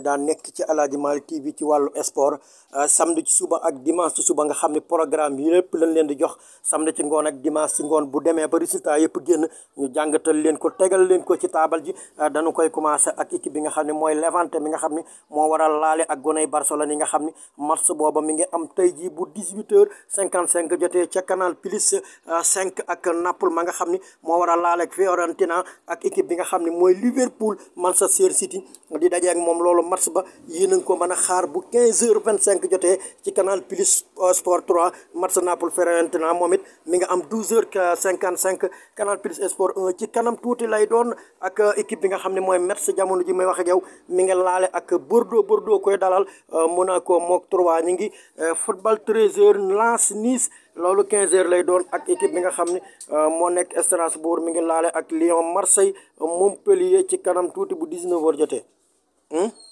ne daa nekk ci Aladji Malick TV ci wàllu sport euh, samedi ci suba ak dimanche ci suba nga xam ne programme yi lépp lañ leen di jox samedi ci ngoon ak dimanche ci ngoon bu demee ba résultat yëpp génn ñu jàngatal leen ko tegal leen ko ci taabal ji euh, dañu koy commencé ak équipe bi nga xam ne mooy Levante mi nga xam ne moo waral laale ak goney Barcelone yi nga xam ne match booba mi ngi am tey jii bu 18 heures 55 jotee ca Canal Plus euh, cinq ak Naples ma nga xam ne moo waral laale ak Fiorentina ak équipe bi nga xam ne mooy Liverpool Manchester City di daje ak match ba yéen a ngi ko mën a xaar bu 15 heures cinq jotee ci canal plus euh, sport 3 match Naples Fiorentina moom it mi nga am 12 heures 55 canal plus sport 1 ci kanam tuuti lay doon ak euh, équipe bi nga xam ne mooy Metz jamono ji may wax yow mi nga laale ak Bordeaux Bordeaux koy dalal euh, Monaco mook 3 ñi ngi football 13 heures Lens Nice loolu 15 heures lay doon ak équipe bi nga xam ne moo nekk Strasbourg mi ngi laale ak Lyon Marseille Montpellier ci kanam tuuti bu 19 heures jotee hmm?